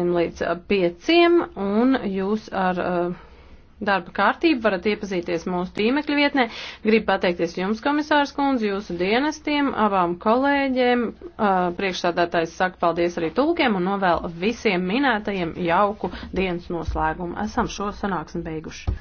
līdz pieciem, un jūs ar uh, darba kārtību varat iepazīties mūsu tīmekļa vietnē. Gribu pateikties jums, komisārs kundze, jūsu dienestiem, abām kolēģiem. Uh, priekšsādātājs saka paldies arī tulkiem un novēl visiem minētajiem jauku dienas noslēgumu. Esam šo sanāksmi beiguši.